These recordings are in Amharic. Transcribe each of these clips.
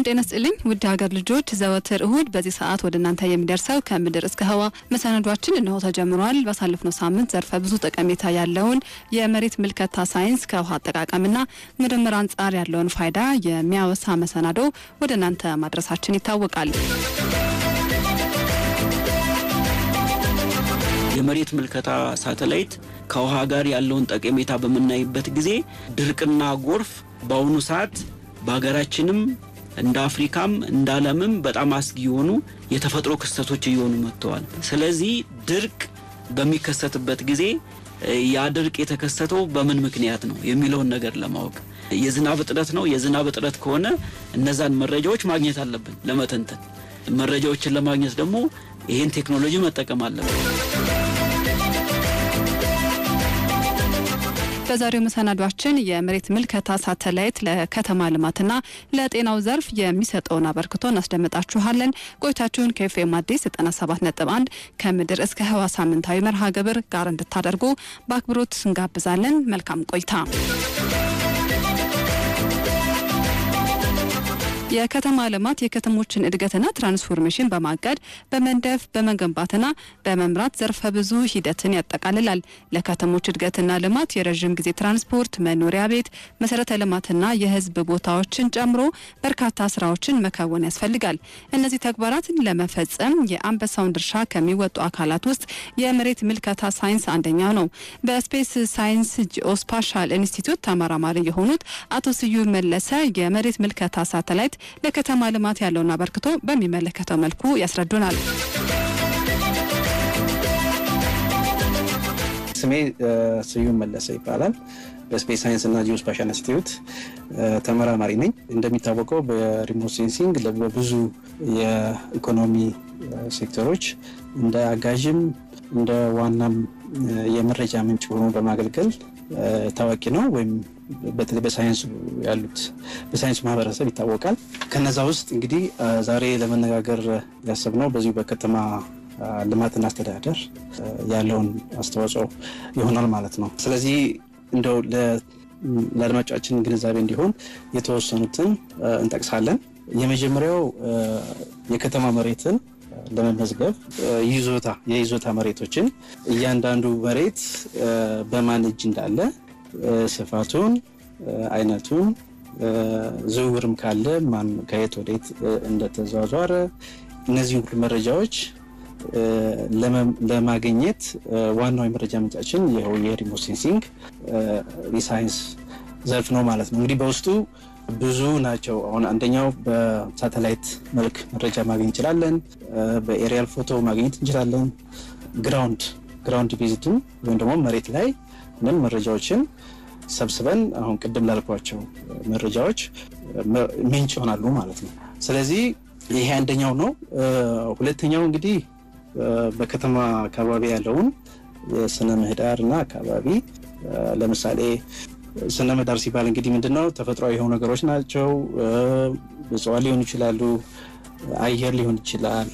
ሰላም ጤና ስጥልኝ ውድ ሀገር ልጆች፣ ዘወትር እሁድ በዚህ ሰዓት ወደ እናንተ የሚደርሰው ከምድር እስከ ህዋ መሰናዷችን እነሆ ተጀምሯል። ባሳለፍነው ሳምንት ዘርፈ ብዙ ጠቀሜታ ያለውን የመሬት ምልከታ ሳይንስ ከውሃ አጠቃቀምና ምርምር አንጻር ያለውን ፋይዳ የሚያወሳ መሰናዶ ወደ እናንተ ማድረሳችን ይታወቃል። የመሬት ምልከታ ሳተላይት ከውሃ ጋር ያለውን ጠቀሜታ በምናይበት ጊዜ ድርቅና ጎርፍ በአሁኑ ሰዓት በሀገራችንም እንደ አፍሪካም እንደ ዓለምም በጣም አስጊ የሆኑ የተፈጥሮ ክስተቶች እየሆኑ መጥተዋል። ስለዚህ ድርቅ በሚከሰትበት ጊዜ ያ ድርቅ የተከሰተው በምን ምክንያት ነው የሚለውን ነገር ለማወቅ የዝናብ እጥረት ነው። የዝናብ እጥረት ከሆነ እነዛን መረጃዎች ማግኘት አለብን ለመተንተን። መረጃዎችን ለማግኘት ደግሞ ይህን ቴክኖሎጂ መጠቀም አለብን። በዛሬው መሰናዷችን የመሬት ምልከታ ሳተላይት ለከተማ ልማትና ለጤናው ዘርፍ የሚሰጠውን አበርክቶ እናስደምጣችኋለን። ቆይታችሁን ከኤፍኤም አዲስ 97.1 ከምድር እስከ ህዋ ሳምንታዊ መርሃ ግብር ጋር እንድታደርጉ በአክብሮት እንጋብዛለን። መልካም ቆይታ የከተማ ልማት የከተሞችን እድገትና ትራንስፎርሜሽን በማቀድ በመንደፍ በመገንባትና በመምራት ዘርፈ ብዙ ሂደትን ያጠቃልላል። ለከተሞች እድገትና ልማት የረዥም ጊዜ ትራንስፖርት፣ መኖሪያ ቤት፣ መሰረተ ልማትና የህዝብ ቦታዎችን ጨምሮ በርካታ ስራዎችን መከወን ያስፈልጋል። እነዚህ ተግባራትን ለመፈጸም የአንበሳውን ድርሻ ከሚወጡ አካላት ውስጥ የመሬት ምልከታ ሳይንስ አንደኛው ነው። በስፔስ ሳይንስ ጂኦስፓሻል ኢንስቲትዩት ተመራማሪ የሆኑት አቶ ስዩም መለሰ የመሬት ምልከታ ሳተላይት ለከተማ ልማት ያለውን አበርክቶ በሚመለከተው መልኩ ያስረዱናል። ስሜ ስዩም መለሰ ይባላል። በስፔስ ሳይንስ እና ጂኦ ስፓሻል ኢንስቲትዩት ተመራማሪ ነኝ። እንደሚታወቀው በሪሞት ሴንሲንግ በብዙ የኢኮኖሚ ሴክተሮች እንደ አጋዥም እንደ ዋናም የመረጃ ምንጭ ሆኖ በማገልገል ታዋቂ ነው ወይም በተለይ በሳይንሱ ያሉት በሳይንሱ ማህበረሰብ ይታወቃል። ከነዛ ውስጥ እንግዲህ ዛሬ ለመነጋገር ያሰብነው በዚሁ በከተማ ልማትና አስተዳደር ያለውን አስተዋጽኦ ይሆናል ማለት ነው። ስለዚህ እንደው ለአድማጫችን ግንዛቤ እንዲሆን የተወሰኑትን እንጠቅሳለን። የመጀመሪያው የከተማ መሬትን ለመመዝገብ ይዞታ የይዞታ መሬቶችን እያንዳንዱ መሬት በማን እጅ እንዳለ ስፋቱን፣ አይነቱን ዝውውርም ካለ ማን ከየት ወዴት እንደተዟዟረ እነዚህ ሁሉ መረጃዎች ለማግኘት ዋናው የመረጃ ምንጫችን ይኸው የሪሞት ሴንሲንግ የሳይንስ ዘርፍ ነው ማለት ነው። እንግዲህ በውስጡ ብዙ ናቸው። አሁን አንደኛው በሳተላይት መልክ መረጃ ማግኘት እንችላለን። በኤሪያል ፎቶ ማግኘት እንችላለን። ግራውንድ ግራውንድ ቪዚቱ ወይም ደግሞ መሬት ላይ ምን መረጃዎችን ሰብስበን አሁን ቅድም ላልኳቸው መረጃዎች ምንጭ ይሆናሉ ማለት ነው። ስለዚህ ይሄ አንደኛው ነው። ሁለተኛው እንግዲህ በከተማ አካባቢ ያለውን የስነ ምህዳር እና አካባቢ ለምሳሌ ስነ ምህዳር ሲባል እንግዲህ ምንድነው ተፈጥሯዊ የሆኑ ነገሮች ናቸው። እጽዋት ሊሆኑ ይችላሉ፣ አየር ሊሆን ይችላል፣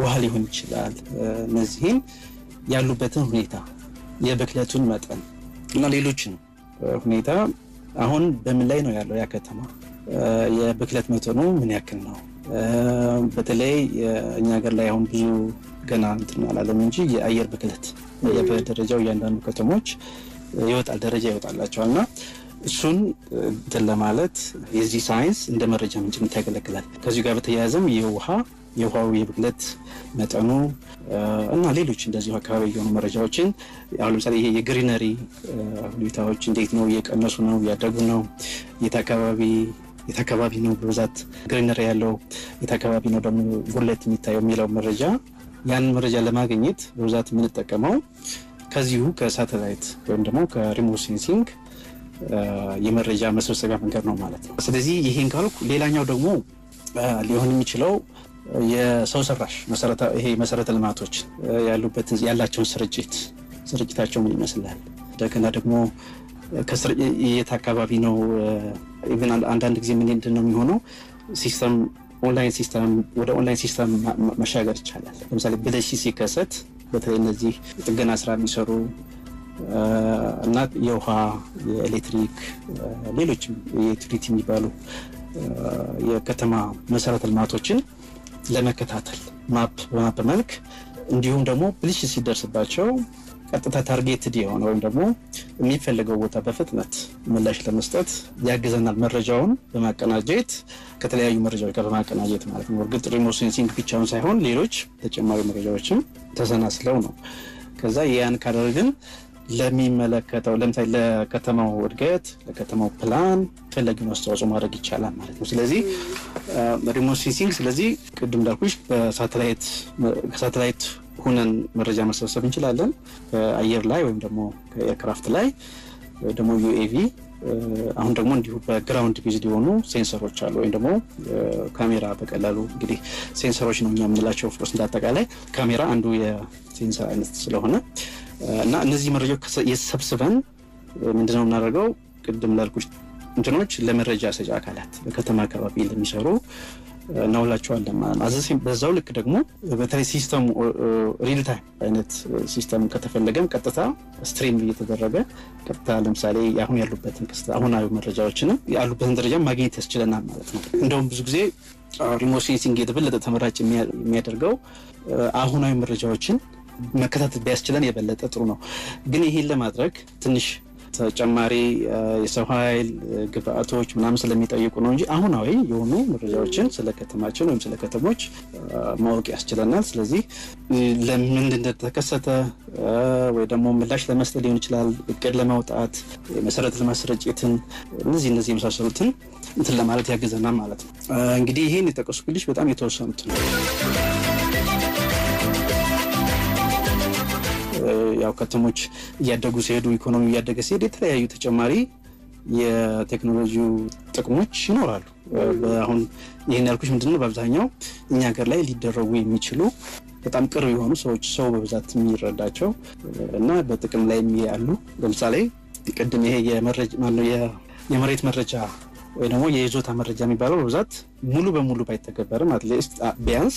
ውሃ ሊሆን ይችላል። እነዚህን ያሉበትን ሁኔታ የብክለቱን መጠን እና ሌሎችን ሁኔታ አሁን በምን ላይ ነው ያለው? ያ ከተማ የብክለት መጠኑ ምን ያክል ነው? በተለይ እኛ ሀገር ላይ አሁን ብዙ ገና እንትን አላለም እንጂ የአየር ብክለት በደረጃው እያንዳንዱ ከተሞች ይወጣል፣ ደረጃ ይወጣላቸዋል እና እሱን እንትን ለማለት የዚህ ሳይንስ እንደ መረጃ ምንጭነት ያገለግላል። ከዚሁ ጋር በተያያዘም የውሃ የውሃው የብክለት መጠኑ እና ሌሎች እንደዚሁ አካባቢ የሆኑ መረጃዎችን አሁን ለምሳሌ ይሄ የግሪነሪ ሁኔታዎች እንዴት ነው እየቀነሱ ነው እያደጉ ነው የት አካባቢ የት አካባቢ ነው በብዛት ግሪነሪ ያለው የት አካባቢ ነው ደግሞ ጉለት የሚታየው የሚለው መረጃ ያን መረጃ ለማግኘት በብዛት የምንጠቀመው ከዚሁ ከሳተላይት ወይም ደግሞ ከሪሞት ሴንሲንግ የመረጃ መሰብሰቢያ መንገድ ነው ማለት ነው። ስለዚህ ይሄን ካልኩ ሌላኛው ደግሞ ሊሆን የሚችለው የሰው ሰራሽ ይሄ መሰረተ ልማቶች ያሉበትን ያላቸውን ስርጭት ስርጭታቸው ምን ይመስላል? እንደገና ደግሞ የት አካባቢ ነው? አንዳንድ ጊዜ ምን ነው የሚሆነው ሲስተም ኦንላይን ሲስተም ወደ ኦንላይን ሲስተም መሻገር ይቻላል። ለምሳሌ ብለሺ ሲከሰት በተለይ እነዚህ ጥገና ስራ የሚሰሩ እና የውሃ የኤሌክትሪክ፣ ሌሎችም የዩቲሊቲ የሚባሉ የከተማ መሰረተ ልማቶችን ለመከታተል ማፕ በማፕ መልክ እንዲሁም ደግሞ ብልሽ ሲደርስባቸው ቀጥታ ታርጌትድ የሆነ ወይም ደግሞ የሚፈልገው ቦታ በፍጥነት ምላሽ ለመስጠት ያግዘናል። መረጃውን በማቀናጀት ከተለያዩ መረጃዎች ጋር በማቀናጀት ማለት ነው። እርግጥ ሪሞት ሴንሲንግ ብቻውን ሳይሆን ሌሎች ተጨማሪ መረጃዎችም ተሰናስለው ነው። ከዛ ያን ካደረግን ለሚመለከተው ለምሳሌ ለከተማው እድገት፣ ለከተማው ፕላን ፈለግን አስተዋጽኦ ማድረግ ይቻላል ማለት ነው። ስለዚህ ሪሞት ሴንሲንግ ስለዚህ ቅድም እንዳልኩሽ ከሳተላይት ሁነን መረጃ መሰብሰብ እንችላለን። ከአየር ላይ ወይም ደግሞ ከኤርክራፍት ላይ ደግሞ ዩኤቪ አሁን ደግሞ እንዲሁ በግራውንድ ቤዝድ የሆኑ ሴንሰሮች አሉ፣ ወይም ደግሞ ካሜራ በቀላሉ እንግዲህ ሴንሰሮች ነው እኛ የምንላቸው። ፎርስ እንዳጠቃላይ ካሜራ አንዱ የሴንሰር አይነት ስለሆነ እና እነዚህ መረጃዎች የሰብስበን ምንድነው የምናደርገው? ቅድም ላልኩሽ እንትኖች ለመረጃ ሰጪ አካላት በከተማ አካባቢ ለሚሰሩ እናውላቸዋለን ማለት ነው። በዛው ልክ ደግሞ በተለይ ሲስተሙ ሪል ታይም አይነት ሲስተም ከተፈለገም ቀጥታ ስትሪም እየተደረገ ቀጥታ ለምሳሌ አሁን ያሉበትን ክስ አሁናዊ መረጃዎችንም ያሉበትን ደረጃ ማግኘት ያስችለናል ማለት ነው። እንደውም ብዙ ጊዜ ሪሞት ሴንሲንግ የተበለጠ ተመራጭ የሚያደርገው አሁናዊ መረጃዎችን መከታተል ቢያስችለን የበለጠ ጥሩ ነው። ግን ይህን ለማድረግ ትንሽ ተጨማሪ የሰው ኃይል ግብአቶች ምናምን ስለሚጠይቁ ነው እንጂ አሁናዊ የሆኑ መረጃዎችን ስለ ከተማችን ወይም ስለ ከተሞች ማወቅ ያስችለናል። ስለዚህ ለምን እንደተከሰተ ወይ ደግሞ ምላሽ ለመስጠት ሊሆን ይችላል፣ እቅድ ለማውጣት፣ የመሰረተ ልማት ስርጭትን፣ እነዚህ እነዚህ የመሳሰሉትን እንትን ለማለት ያግዘናል ማለት ነው። እንግዲህ ይህን የጠቀስኩልሽ በጣም የተወሰኑት ነው። ያው ከተሞች እያደጉ ሲሄዱ ኢኮኖሚ እያደገ ሲሄድ የተለያዩ ተጨማሪ የቴክኖሎጂ ጥቅሞች ይኖራሉ። አሁን ይህን ያልኩሽ ምንድነው በአብዛኛው እኛ ሀገር ላይ ሊደረጉ የሚችሉ በጣም ቅርብ የሆኑ ሰዎች ሰው በብዛት የሚረዳቸው እና በጥቅም ላይ ያሉ ለምሳሌ ቅድም ይሄ የመሬት መረጃ ወይ ደግሞ የይዞታ መረጃ የሚባለው በብዛት ሙሉ በሙሉ ባይተገበርም አትሊስት ቢያንስ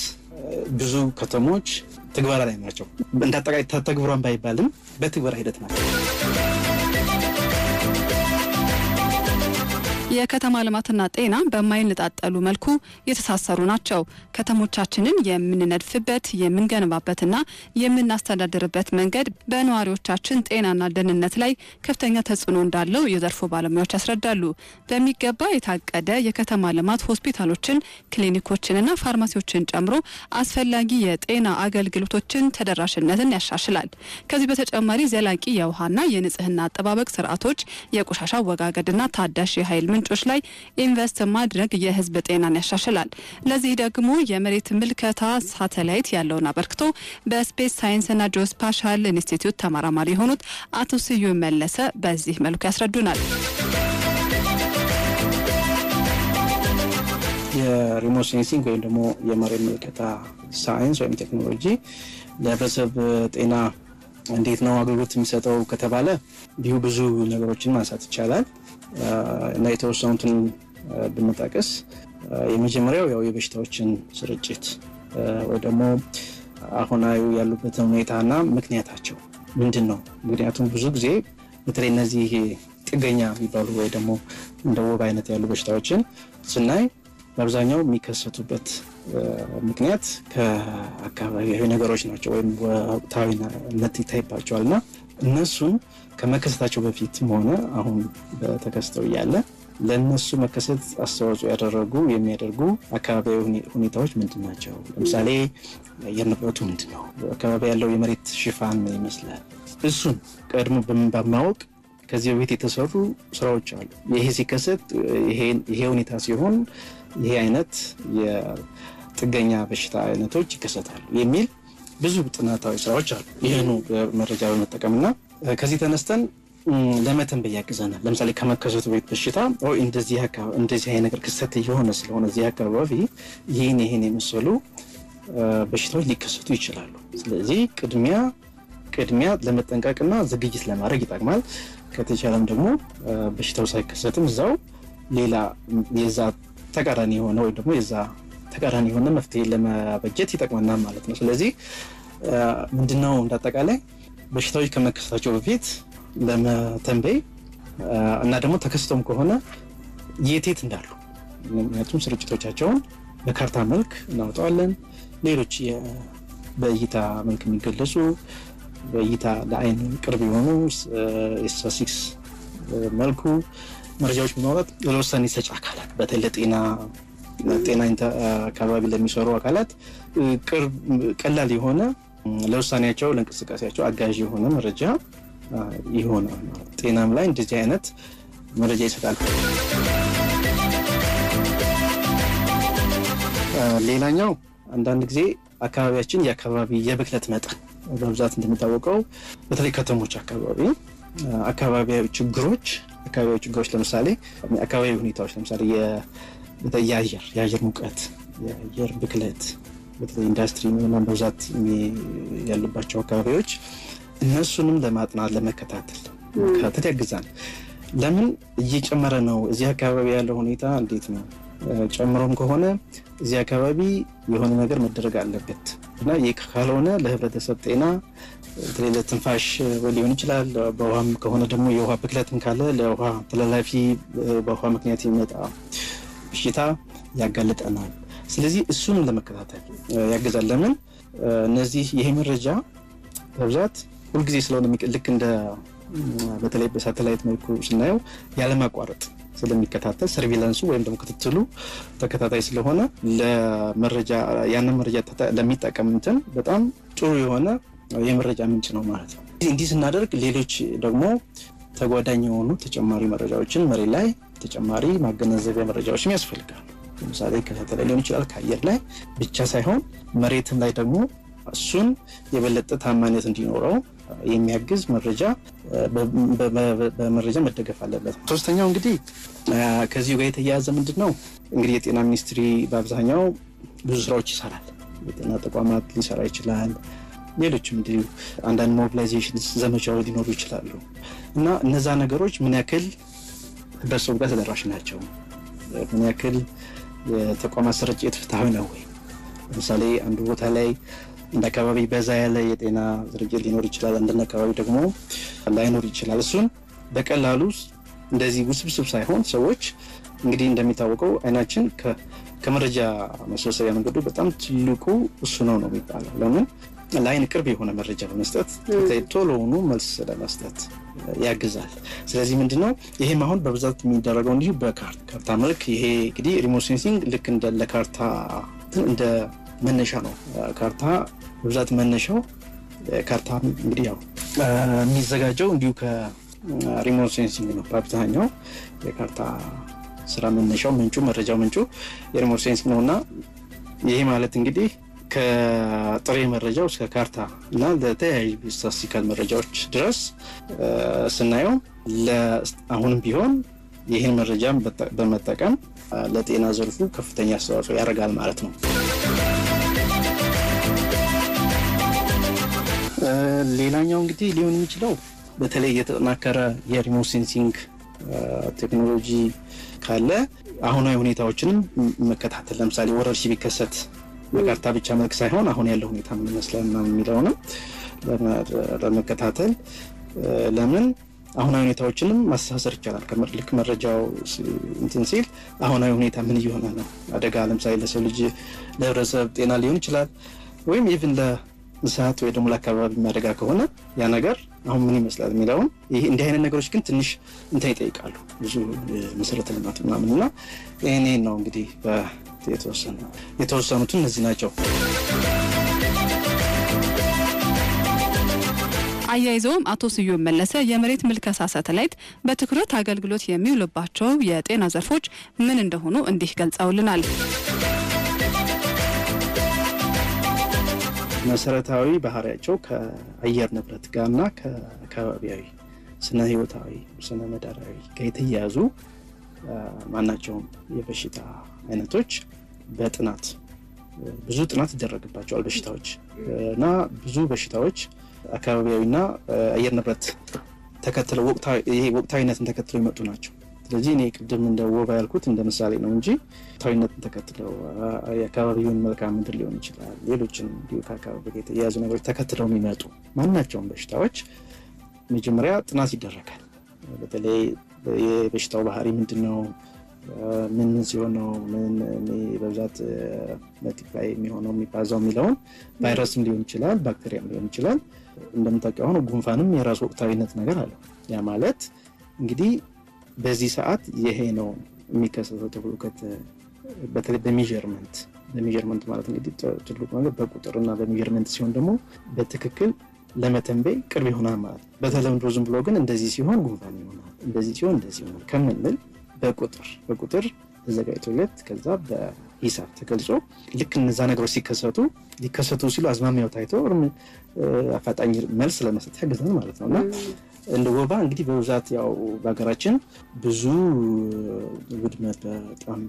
ብዙ ከተሞች ትግበራ ላይ ናቸው። እንዳጠቃላይ ተግብሯን ባይባልም በትግበራ ሂደት ናቸው። የከተማ ልማትና ጤና በማይነጣጠሉ መልኩ የተሳሰሩ ናቸው። ከተሞቻችንን የምንነድፍበት የምንገነባበትና የምናስተዳድርበት መንገድ በነዋሪዎቻችን ጤናና ደህንነት ላይ ከፍተኛ ተጽዕኖ እንዳለው የዘርፉ ባለሙያዎች ያስረዳሉ። በሚገባ የታቀደ የከተማ ልማት ሆስፒታሎችን፣ ክሊኒኮችንና ፋርማሲዎችን ጨምሮ አስፈላጊ የጤና አገልግሎቶችን ተደራሽነትን ያሻሽላል። ከዚህ በተጨማሪ ዘላቂ የውሃና የንጽህና አጠባበቅ ስርዓቶች፣ የቆሻሻ አወጋገድና ታዳሽ የኃይል ምንጭ ምንጮች ላይ ኢንቨስት ማድረግ የህዝብ ጤናን ያሻሽላል። ለዚህ ደግሞ የመሬት ምልከታ ሳተላይት ያለውን አበርክቶ በስፔስ ሳይንስና ጂኦስፓሻል ኢንስቲትዩት ተመራማሪ የሆኑት አቶ ስዩም መለሰ በዚህ መልኩ ያስረዱናል። የሪሞት ሴንሲንግ ወይም ደግሞ የመሬት ምልከታ ሳይንስ ወይም ቴክኖሎጂ ለህብረተሰብ ጤና እንዴት ነው አገልግሎት የሚሰጠው ከተባለ እንዲሁ ብዙ ነገሮችን ማንሳት ይቻላል። እና የተወሰኑትን ብንጠቅስ የመጀመሪያው ያው የበሽታዎችን ስርጭት ወይ ደግሞ አሁናዊ ያሉበትን ሁኔታና ምክንያታቸው ምንድን ነው? ምክንያቱም ብዙ ጊዜ በተለይ እነዚህ ጥገኛ የሚባሉ ወይ ደግሞ እንደ ወብ አይነት ያሉ በሽታዎችን ስናይ በአብዛኛው የሚከሰቱበት ምክንያት ከአካባቢያዊ ነገሮች ናቸው፣ ወይም ወቅታዊነት ይታይባቸዋል እና እነሱን ከመከሰታቸው በፊትም ሆነ አሁን ተከስተው እያለ ለእነሱ መከሰት አስተዋጽኦ ያደረጉ የሚያደርጉ አካባቢያዊ ሁኔታዎች ምንድን ናቸው? ለምሳሌ የአየር ንብረቱ ምንድን ነው? አካባቢ ያለው የመሬት ሽፋን ምን ይመስላል? እሱን ቀድሞ በማወቅ ከዚህ በፊት የተሰሩ ስራዎች አሉ። ይሄ ሲከሰት ይሄ ሁኔታ ሲሆን ይሄ አይነት የጥገኛ በሽታ አይነቶች ይከሰታሉ የሚል ብዙ ጥናታዊ ስራዎች አሉ። ይህኑ መረጃ በመጠቀምና ከዚህ ተነስተን ለመተን በያግዘናል ለምሳሌ ከመከሰቱ ቤት በሽታ እንደዚህ አይነት ነገር ክስተት የሆነ ስለሆነ እዚህ አካባቢ ይህን ይህን የመሰሉ በሽታዎች ሊከሰቱ ይችላሉ። ስለዚህ ቅድሚያ ቅድሚያ ለመጠንቀቅና ዝግጅት ለማድረግ ይጠቅማል። ከተቻለም ደግሞ በሽታው ሳይከሰትም እዛው ሌላ የዛ ተቃራኒ የሆነ ወይም ደግሞ የዛ ተቃራኒ የሆነ መፍትሄ ለመበጀት ይጠቅመናል ማለት ነው። ስለዚህ ምንድነው እንዳጠቃላይ በሽታዎች ከመከሰታቸው በፊት ለመተንበይ እና ደግሞ ተከስቶም ከሆነ የቴት እንዳሉ ምክንያቱም ስርጭቶቻቸውን በካርታ መልክ እናውጠዋለን ሌሎች በእይታ መልክ የሚገለጹ በእይታ ለአይን ቅርብ የሆኑ ኤስታሲክስ መልኩ መረጃዎች በማውጣት ለውሳኔ ሰጭ አካላት በተለይ ለጤና ጤና አካባቢ ለሚሰሩ አካላት ቀላል የሆነ ለውሳኔያቸው ለእንቅስቃሴያቸው አጋዥ የሆነ መረጃ ይሆናል። ጤናም ላይ እንደዚህ አይነት መረጃ ይሰጣል። ሌላኛው አንዳንድ ጊዜ አካባቢያችን የአካባቢ የብክለት መጠን በብዛት እንደሚታወቀው በተለይ ከተሞች አካባቢ አካባቢያዊ ችግሮች አካባቢያዊ ችግሮች ለምሳሌ አካባቢ ሁኔታዎች ለምሳሌ የአየር የአየር ሙቀት፣ የአየር ብክለት በተለይ ኢንዱስትሪ መብዛት ያሉባቸው አካባቢዎች እነሱንም ለማጥናት ለመከታተል መከታተል ያግዛል። ለምን እየጨመረ ነው? እዚህ አካባቢ ያለው ሁኔታ እንዴት ነው? ጨምሮም ከሆነ እዚህ አካባቢ የሆነ ነገር መደረግ አለበት እና ይህ ካልሆነ ለህብረተሰብ ጤና በተለይ ለትንፋሽ ሊሆን ይችላል። በውሃም ከሆነ ደግሞ የውሃ ብክለትም ካለ ለውሃ ተላላፊ በውሃ ምክንያት ይመጣ በሽታ ያጋልጠናል። ስለዚህ እሱንም ለመከታተል ያገዛል። ለምን እነዚህ ይሄ መረጃ በብዛት ሁልጊዜ ስለሆነ ልክ እንደ በተለይ በሳተላይት መልኩ ስናየው ያለማቋረጥ ስለሚከታተል ሰርቪላንሱ ወይም ደግሞ ክትትሉ ተከታታይ ስለሆነ ለመረጃ ያንን መረጃ ለሚጠቀም እንትን በጣም ጥሩ የሆነ የመረጃ ምንጭ ነው ማለት ነው። እንዲህ ስናደርግ ሌሎች ደግሞ ተጓዳኝ የሆኑ ተጨማሪ መረጃዎችን መሬት ላይ ተጨማሪ ማገናዘቢያ መረጃዎችም ያስፈልጋል። ለምሳሌ ከሳተላይ ሊሆን ይችላል ከአየር ላይ ብቻ ሳይሆን መሬትም ላይ ደግሞ እሱን የበለጠ ታማኝነት እንዲኖረው የሚያግዝ መረጃ በመረጃ መደገፍ አለበት። ሶስተኛው እንግዲህ ከዚሁ ጋር የተያያዘ ምንድን ነው እንግዲህ የጤና ሚኒስትሪ በአብዛኛው ብዙ ስራዎች ይሰራል። የጤና ተቋማት ሊሰራ ይችላል። ሌሎችም እንዲሁ አንዳንድ ሞቢላይዜሽን ዘመቻዎች ሊኖሩ ይችላሉ እና እነዛ ነገሮች ምን ያክል በሰው ጋር ተደራሽ ናቸው? ምን ያክል የተቋማት ስርጭት ፍትሐዊ ነው ወይ? ለምሳሌ አንዱ ቦታ ላይ እንደ አካባቢ በዛ ያለ የጤና ዝርጅት ሊኖር ይችላል። አንድ አካባቢ ደግሞ ላይኖር ይችላል። እሱን በቀላሉ እንደዚህ ውስብስብ ሳይሆን ሰዎች እንግዲህ እንደሚታወቀው አይናችን ከመረጃ መሰብሰቢያ መንገዱ በጣም ትልቁ እሱ ነው ነው የሚባለው ለምን ለአይን ቅርብ የሆነ መረጃ በመስጠት ቶሎውኑ መልስ ለመስጠት ያግዛል። ስለዚህ ምንድነው ይሄም አሁን በብዛት የሚደረገው እንዲሁ በካርታ መልክ ይሄ እንግዲህ ሪሞሴንሲንግ ልክ እንደ ለካርታ እንደ መነሻ ነው። ካርታ በብዛት መነሻው ካርታ እንግዲህ ያው የሚዘጋጀው እንዲሁ ከሪሞሴንሲንግ ነው። በአብዛኛው የካርታ ስራ መነሻው ምንጩ መረጃው ምንጩ የሪሞሴንሲንግ ነው እና ይሄ ማለት እንግዲህ ከጥሬ መረጃው እስከ ካርታ እና ለተለያዩ ስታስቲካል መረጃዎች ድረስ ስናየው አሁንም ቢሆን ይህን መረጃ በመጠቀም ለጤና ዘርፉ ከፍተኛ አስተዋጽኦ ያደርጋል ማለት ነው። ሌላኛው እንግዲህ ሊሆን የሚችለው በተለይ የተጠናከረ የሪሞ ሴንሲንግ ቴክኖሎጂ ካለ አሁናዊ ሁኔታዎችንም መከታተል ለምሳሌ ወረርሽ ቢከሰት በካርታ ብቻ መልክ ሳይሆን አሁን ያለው ሁኔታ ምን ይመስላል ምናምን የሚለውንም ለመከታተል ለምን አሁናዊ ሁኔታዎችንም ማስተሳሰር ይቻላል። ከልክ መረጃው እንትን ሲል አሁናዊ ሁኔታ ምን እየሆነ ነው፣ አደጋ ለምሳሌ ለሰው ልጅ ለህብረተሰብ ጤና ሊሆን ይችላል ወይም ኢቭን ለእንስሳት ወይ ደግሞ ለአካባቢ የሚያደጋ ከሆነ ያ ነገር አሁን ምን ይመስላል የሚለውን ይህ እንዲህ አይነት ነገሮች ግን ትንሽ እንትን ይጠይቃሉ ብዙ መሰረተ ልማት ምናምን እና ይህን ነው እንግዲህ የተወሰነ የተወሰኑት እነዚህ ናቸው። አያይዘውም አቶ ስዩም መለሰ የመሬት ምልከሳ ሳተላይት በትኩረት አገልግሎት የሚውልባቸው የጤና ዘርፎች ምን እንደሆኑ እንዲህ ገልጸውልናል። መሰረታዊ ባህሪያቸው ከአየር ንብረት ጋርና ከአካባቢያዊ ስነ ህይወታዊ፣ ስነ መዳራዊ ጋር የተያያዙ ማናቸውም የበሽታ አይነቶች በጥናት ብዙ ጥናት ይደረግባቸዋል በሽታዎች እና ብዙ በሽታዎች አካባቢያዊና አየር ንብረት ተከትለው ወቅታዊነትን ተከትለው ይመጡ ናቸው። ስለዚህ እኔ ቅድም እንደ ወባ ያልኩት እንደ ምሳሌ ነው እንጂ ወቅታዊነትን ተከትለው የአካባቢውን መልካ ምድር ሊሆን ይችላል፣ ሌሎችን እንዲሁ ከአካባቢ የተያያዙ ነገሮች ተከትለው የሚመጡ ማናቸውን በሽታዎች መጀመሪያ ጥናት ይደረጋል። በተለይ የበሽታው ባህሪ ምንድን ነው? ምን ሲሆን ነው ምን በብዛት መልቲፕላይ የሚሆነው የሚባዛው የሚለውን ቫይረስም ሊሆን ይችላል፣ ባክቴሪያም ሊሆን ይችላል። እንደምታውቂው አሁን ጉንፋንም የራሱ ወቅታዊነት ነገር አለው። ያ ማለት እንግዲህ በዚህ ሰዓት ይሄ ነው የሚከሰተው ተብሎ በተለይ በሚርመንት በሚርመንት ማለት እንግዲህ ትልቁ ነገር በቁጥር እና በሚርመንት ሲሆን ደግሞ በትክክል ለመተንበይ ቅርብ ይሆናል ማለት በተለምዶ ዝም ብሎ ግን እንደዚህ ሲሆን ጉንፋን ይሆናል፣ እንደዚህ ሲሆን እንደዚህ ይሆናል ከምንል በቁጥር በቁጥር ተዘጋጅቶለት ከዛ በሂሳብ ተገልጾ ልክ እነዛ ነገሮች ሲከሰቱ ሊከሰቱ ሲሉ አዝማሚያው ታይቶ አፋጣኝ መልስ ለመስጠት ያገዛል ማለት ነው እና እንደ ወባ እንግዲህ በብዛት ያው በሀገራችን ብዙ ውድመት በጣም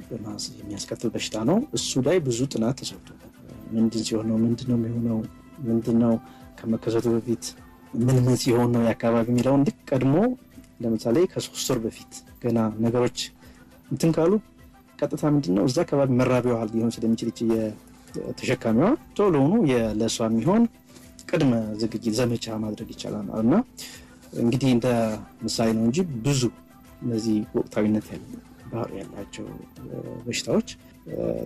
የሚያስከትል በሽታ ነው። እሱ ላይ ብዙ ጥናት ተሰርቶበት ምንድን ሲሆነው ምንድነው የሚሆነው ምንድነው ከመከሰቱ በፊት ምን ምን ሲሆን ነው የአካባቢ የሚለውን ልክ ቀድሞ ለምሳሌ ከሶስት ወር በፊት ገና ነገሮች እንትን ካሉ ቀጥታ ምንድነው እዛ አካባቢ መራቢያ ውሃል ሊሆን ስለሚችል ተሸካሚዋ ቶሎ ሆኖ ለእሷ የሚሆን ቅድመ ዝግጅት ዘመቻ ማድረግ ይቻላል እና እንግዲህ እንደ ምሳሌ ነው እንጂ ብዙ እነዚህ ወቅታዊነት ባህሩ ያላቸው በሽታዎች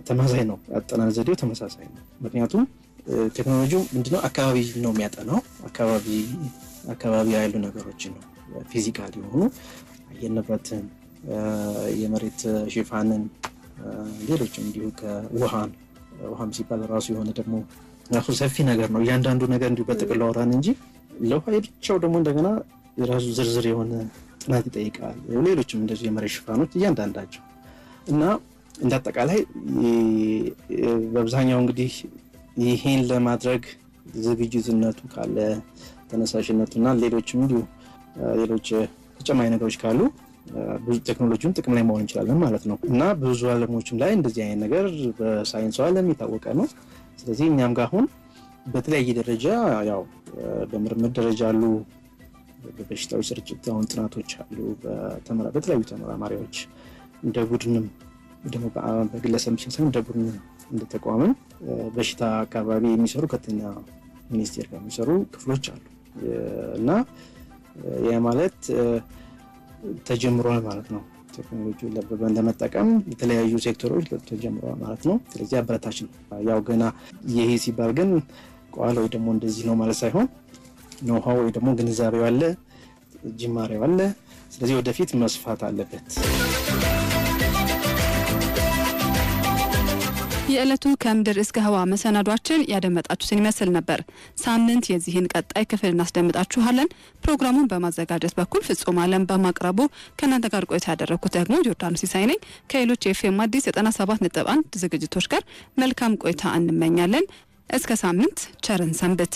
ተመሳሳይ ነው። አጠናን ዘዴው ተመሳሳይ ነው። ምክንያቱም ቴክኖሎጂው ምንድነው አካባቢ ነው የሚያጠናው አካባቢ አካባቢ ያሉ ነገሮችን ነው ፊዚካል የሆኑ አየር የመሬት ሽፋንን፣ ሌሎች እንዲሁ ከውሃን ውሃም ሲባል ራሱ የሆነ ደግሞ ራሱ ሰፊ ነገር ነው። እያንዳንዱ ነገር እንዲሁ በጥቅል አውራን እንጂ ለውሃ የብቻው ደግሞ እንደገና የራሱ ዝርዝር የሆነ ጥናት ይጠይቃል። ሌሎችም እንደዚህ የመሬት ሽፋኖች እያንዳንዳቸው እና እንደ አጠቃላይ በአብዛኛው እንግዲህ ይሄን ለማድረግ ዝግጅትነቱ ካለ ተነሳሽነቱና ሌሎችም እንዲሁ ሌሎች ተጨማሪ ነገሮች ካሉ ብዙ ቴክኖሎጂውን ጥቅም ላይ መሆን እንችላለን ማለት ነው እና ብዙ አለሞችም ላይ እንደዚህ አይነት ነገር በሳይንሱ አለም የታወቀ ነው። ስለዚህ እኛም ጋር አሁን በተለያየ ደረጃ ያው በምርምር ደረጃ አሉ፣ በበሽታዊ ስርጭት አሁን ጥናቶች አሉ፣ በተለያዩ ተመራማሪዎች እንደ ቡድንም ደግሞ በግለሰብ ብቻ ሳይሆን እንደ ቡድንም እንደ ተቋምም በሽታ አካባቢ የሚሰሩ ከተኛ ሚኒስቴር ጋር የሚሰሩ ክፍሎች አሉ እና ያ ማለት ተጀምሯል ማለት ነው። ቴክኖሎጂ ለበበን ለመጠቀም የተለያዩ ሴክተሮች ተጀምረዋል ማለት ነው። ስለዚህ አበረታች ነው። ያው ገና ይሄ ሲባል ግን ቋል ወይ ደግሞ እንደዚህ ነው ማለት ሳይሆን ኖሃው ወይ ደግሞ ግንዛቤው አለ፣ ጅማሬው አለ። ስለዚህ ወደፊት መስፋት አለበት። የዕለቱ ከምድር እስከ ህዋ መሰናዷችን ያደመጣችሁትን ይመስል ነበር። ሳምንት የዚህን ቀጣይ ክፍል እናስደምጣችኋለን። ፕሮግራሙን በማዘጋጀት በኩል ፍጹም አለም በማቅረቡ ከእናንተ ጋር ቆይታ ያደረግኩት ደግሞ ጆርዳን ሲሳይ ነኝ። ከሌሎች የኤፍኤም አዲስ 97 ነጥብ 1 ዝግጅቶች ጋር መልካም ቆይታ እንመኛለን። እስከ ሳምንት ቸርን ሰንብት።